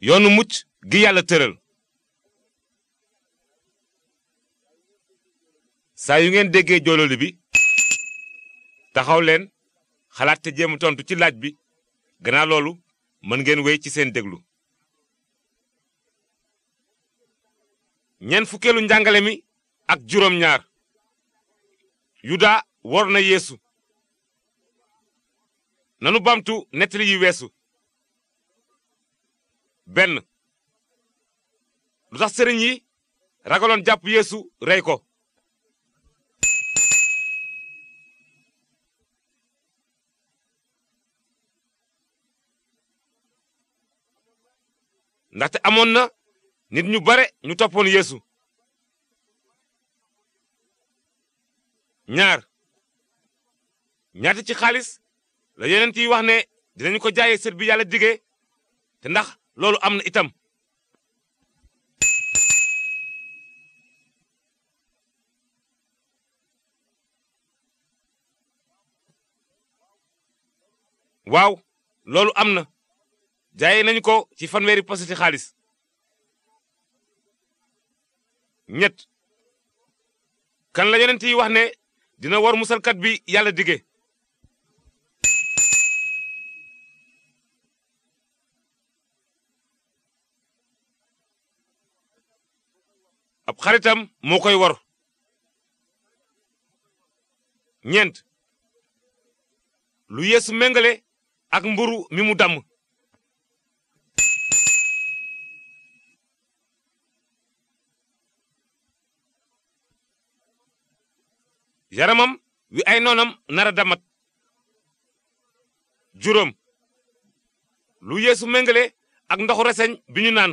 yoonu mucc gi yàlla tëral saa yu ngeen déggee joololi bi taxaw leen xalaat te jéem tontu ci laaj bi gannaaw loolu mën ngeen wéy ci seen déglu ñeent fukkeelu njàngale mi ak juróom ñaar yuda wor na yéesu nanu bamtu nettali yi weesu benn lu tax sëriñ yi ragaloon jàpp yéesu rey ko ndaxte amoon na nit ñu bare ñu toppoon yéesu ñaar ñaata ci xaalis la yeneen yi wax ne dinañu ko jaay sët bi yàlla digee te ndax loolu am na itam waaw loolu am na jaaye nañu ko ci fanweeri positi xaalis ñett kan la yonent yi wax ne dina war musalkat bi yàlla dige ab xaritam moo koy war ñeent lu yéesu méngale ak mburu mi mu damm yaramam wi ay noonam nara damat juróom lu yéesu méngale ak ndoxu reseñ bi ñu naan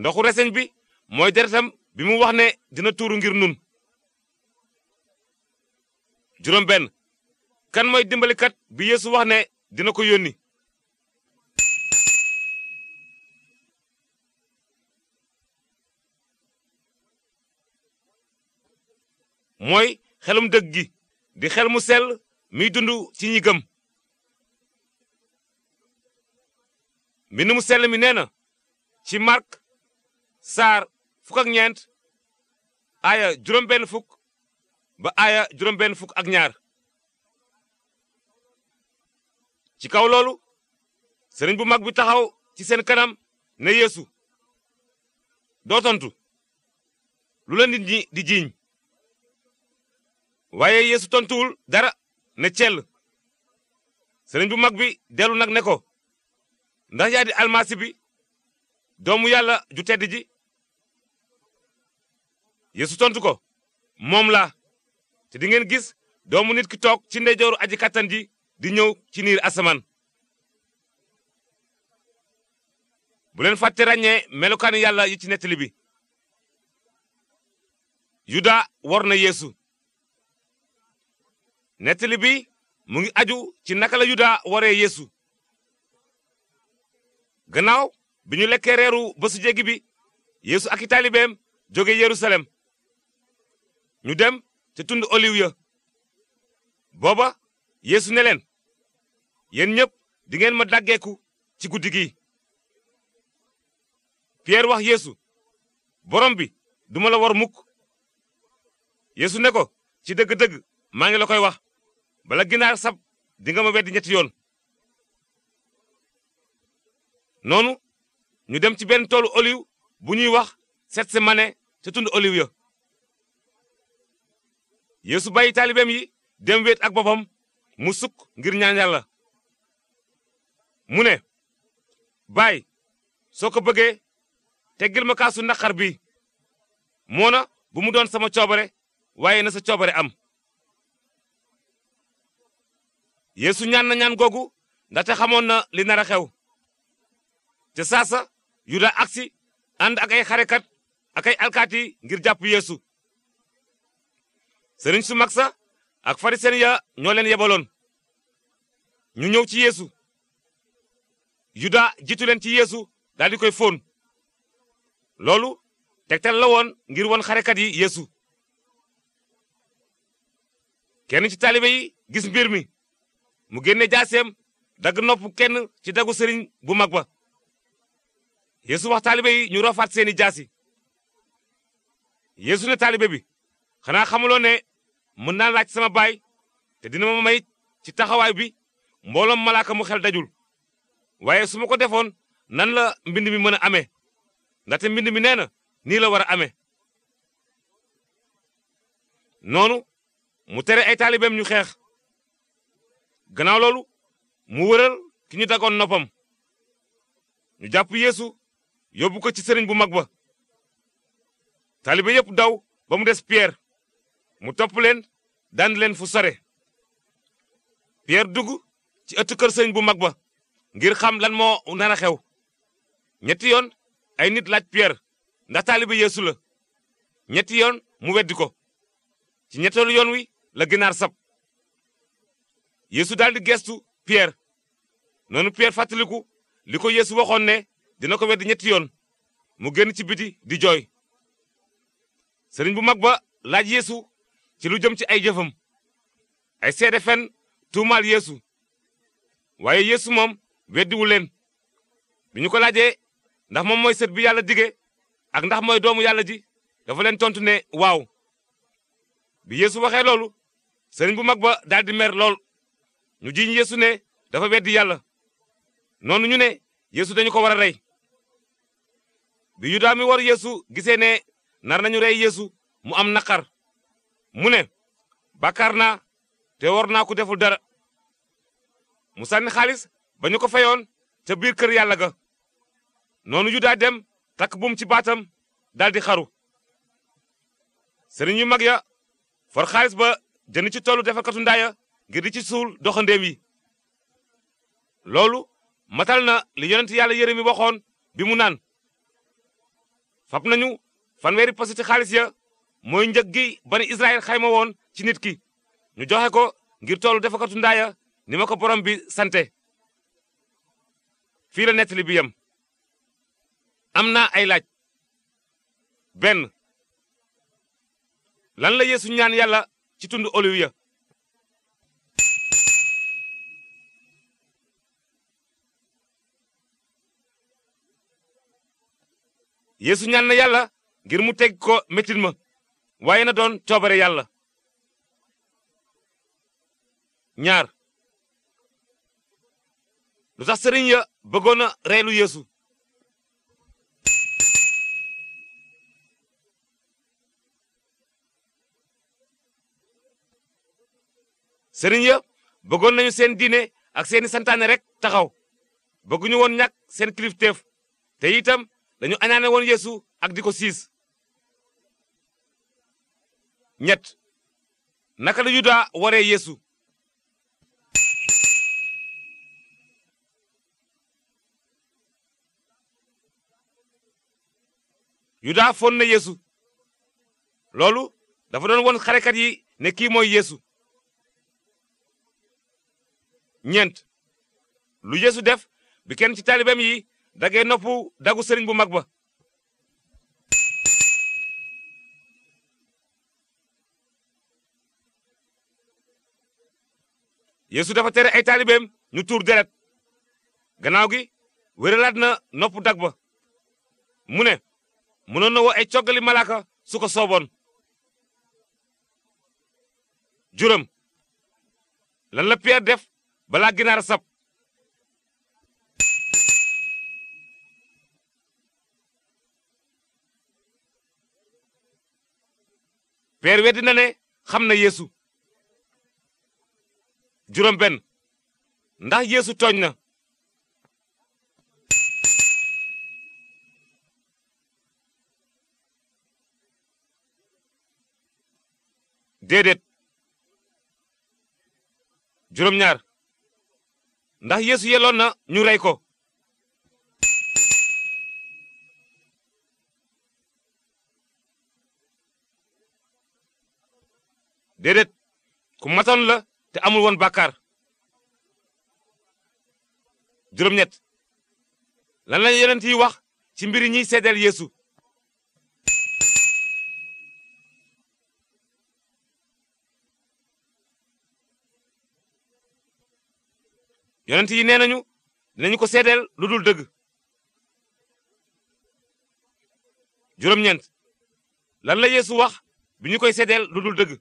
ndoxu reseñ bi mooy deretam bi mu wax ne dina tuuru ngir nun juróom benn kan mooy dimbalikat bi yeesu wax ne dina ko yónni mooy xelum dëgg gi di xel mu sel miy dund ci ñi gëm mbind mu sell mi nee na ci Mark saar fukk ak ñeent aaya juróom benn fukk ba aaya juróom benn fukk ak ñaar ci kaw loolu sëriñ bu mag bi taxaw ci seen kanam ne yéesu doo tontu lu la nit di jiiñ waaye yeesu tontuwul dara ne cell sëriñ bu mag bi dellu nag ne ko ndax yaa almasi bi doomu yàlla ju yeesu tontu ko moom la te di ngeen gis doomu nit ki toog ci ndeyjooru aji kattan ji di ñëw ci niir asamaan. bu leen fàtte ràññee melokaani yàlla yi ci nettali bi. yuda war na yeesu. nettali bi mu ngi aju ci naka la yuda waree yéesu gannaaw bi ñu lekkee reeru bésu jéggi bi yeesu ak i taalibeem jóge yerusalem ñu dem te tund oliw ya booba yéesu ne leen yéen ñëpp dingeen ma daggeeku ci guddi gi Pierre wax yéesu borom bi duma la war mukk yéesu ne ko ci dëgg-dëgg maa ngi la koy wax bala ginaar sab dinga ma weddi ñetti yoon noonu ñu dem ci benn toolu oliw bu ñuy wax Setsemane te tund oliw ya yeesu bay taalibeem yi dem wéet ak boppam mu sukk ngir ñaan yàlla mu ne baay soo ko bëggee te ma kaasu naqar bi moona bu mu doon sama coobare waaye na sa coobare am yeesu ñaan na ñaan googu ndaxte xamoon na li nar a xew te saasa yuda agsi ànd ak ay xarekat ak alkaati ngir jàpp yeesu sëriñ su mag sa ak farisen ya ñoo leen yebaloon ñu ñëw ci yéesu yuda jiitu leen ci yéesu daal di koy fóon loolu tegtal la lawoon ngir won xarekat yi yeesu kenn ci taalibe yi gis mbir mi mu génne jaaseem dagg nopp kenn ci daggu sëriñ bu mag ba yéesu wax taalibe yi ñu rofaat seeni jaasi yéesu ne taalibe bi xanaa xamuloo ne mën naa laaj sama baay te dina ma may ci taxawaay bi mbooloom malaaka mu xel dajul waaye su ma ko defoon nan la mbind mi mën a amee ndaxte mbind mi nee na nii la war a amee noonu mu tere ay taalibeem ñu xeex gannaaw loolu mu wëral ki ñu dagoon noppam ñu jàpp yeesu yóbbu ko ci sëriñ bu mag ba taalibe yépp daw ba mu des pierre mu topp leen daan leen fu sore Pierre dugg ci ëttu kër sëriñ bu mag ba ngir xam lan moo nar a xew ñetti yoon ay nit laaj Pierre ndax taalibe yéesu la ñetti yoon mu weddi ko ci ñetteelu yoon wi la ginaar sab yéesu daal di gestu Pierre noonu Pierre fàttaliku li ko yéesu waxoon ne dina ko weddi ñetti yoon mu génn ci biti di jooy sëriñ bu mag ba laaj yeesu ci lu jëm ci ay jëfam ay seede fen tuumaal yéesu waaye yéesu moom weddiwu leen bi ñu ko laajee ndax moom mooy sët bi yàlla dige ak ndax mooy doomu yàlla ji dafa leen tontu ne waaw bi yeesu waxee loolu sëriñ bu mag ba daldi lool ñu jiñ yeesu ne dafa weddi yàlla noonu ñu ne yeesu dañu ko war a rey bi yudaa mi war yéesu gisee ne nar nañu rey yéesu mu am naqar mu ne bàkkaar na te war naa ko deful dara mu sànni xaalis ba ñu ko fayoon ca biir kër yàlla ga noonu yuda dem takk buum ci baatam dal di xaru sën yu mag ya for xaalis ba jënd ci tollu defarkatu ndaaya ngir di ci suul doxandéem yi loolu matal na li yonent yàlla Yeremi waxoon bi mu naan fab nañu fanweeri posi ci xaalis ya mooy njëg gi bani Israël xayma woon ci nit ki ñu joxe ko ngir toolu defakatu ndaaya ni ma borom bi sante fii la nettali bi yem am naa ay laaj benn lan la yéesu ñaan yàlla ci tund oliw ya yàlla ngir mu teg ko metit ma waaye na doon coobare yàlla ñaar lu tax sëriñ ya bëggoon a reelu yeesu sëriñ ya bëggoon nañu seen diine ak seeni santaane rek taxaw bëgguñu woon ñàkk seen kilifteef te itam dañu añaane woon yeesu ak di ko siis ñett naka la yuda waree yéesu yuda fon na yeesu loolu dafa doon won xarekat yi ne kii mooy yéesu ñeent lu yéesu def bi kenn ci taalibeem yi dagee noppu dagu sëriñ bu mag ba yéesu dafa tere ay taalibeem ñu tuur deret gannaaw gi wéralaat na noppu dag ba mu ne mënoon na woo ay coggali malaaka su ko sooboon juróom lan la Pierre def balaa ginaara sab Pierre ne xam na Yeesu juróom benn ndax yeesu tooñ na déedéet juróom ñaar ndax yeesu yeloon na ñu rey ko déedéet ku matoon la te amul woon bàkkaar juróom-ñett lan la yonent yi wax ci mbir yi ñiy seedeel yéesu yonent yi nee nañu dinañu ko seedeel lu dul dëgg juróom-ñeent lan la yéesu wax bi ñu koy seedeel lu dul dëgg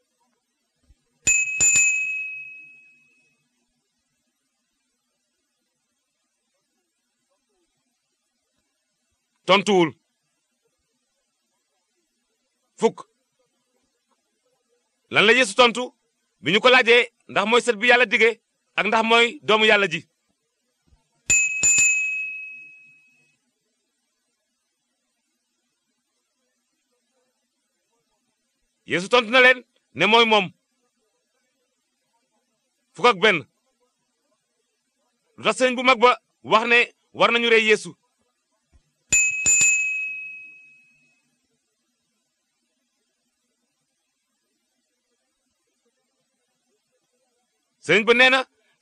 tontuwul fukk lan la yeesu tontu bi ñu ko laajee ndax mooy sët bi yàlla dige ak ndax mooy doomu yàlla ji yeesu na leen ne mooy moom fukk ak benn lu tax bu mag ba wax ne war nañu rey yéesu sëriñ ba nee na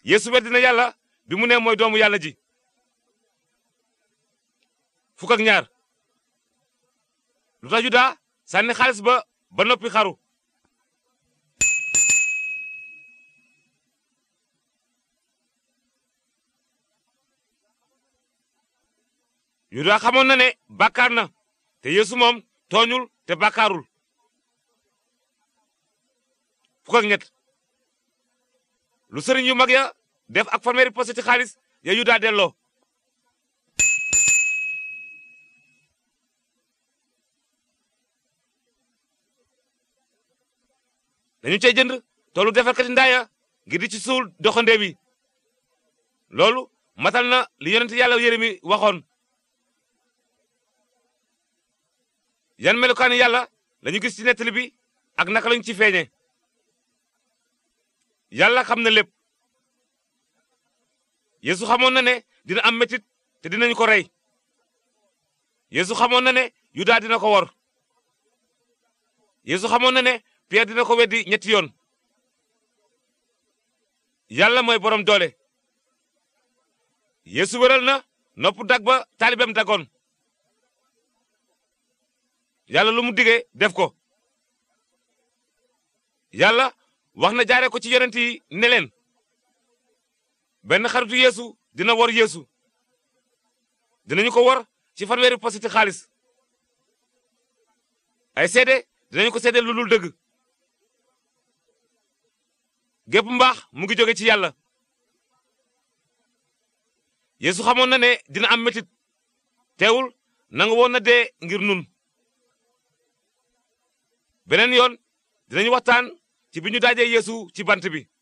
yeesu weddi yàlla bi mu ne mooy doomu yàlla ji fukk ñaar lu tax juda sànni xaalis ba ba noppi xaru yuda xamoon na ne bàkkaar na te yeesu moom tooñul te bàkkaarul fukk ak ñett lu sëriñ yu mag ya def ak fanweeri posé ci xaalis ya yuda delloo dañu cey jënd toolu defarkati ndaaya ngir di ci suul doxandee bi loolu matal na li yonent yàlla Yeremi waxoon yan melukaani yàlla lañu gis ci nettali bi ak naka lañu ci feeñe yàlla xam na lépp yéesu xamoon na ne dina am metit te dinañ ko rey yéesu xamoon na ne yuda dina ko wor yéesu xamoon na ne pierre dina ko weddi ñetti yoon yàlla mooy borom doole yéesu wéral na nopp dag ba taalibeem dagoon yàlla lu mu digee def ko wax na jaare ko ci yonent yi ne leen benn xaritu yéesu dina wor yeesu dinañu ko wor ci fanweeri positi xaalis ay seede dinañu ko seede lu dëgg gépp mbaax mu ngi jóge ci yàlla yéesu xamoon na ne dina am metit teewul nangu woon na dee ngir nun beneen yoon dinañu waxtaan ci bi ñu daajee yeesu ci bant bi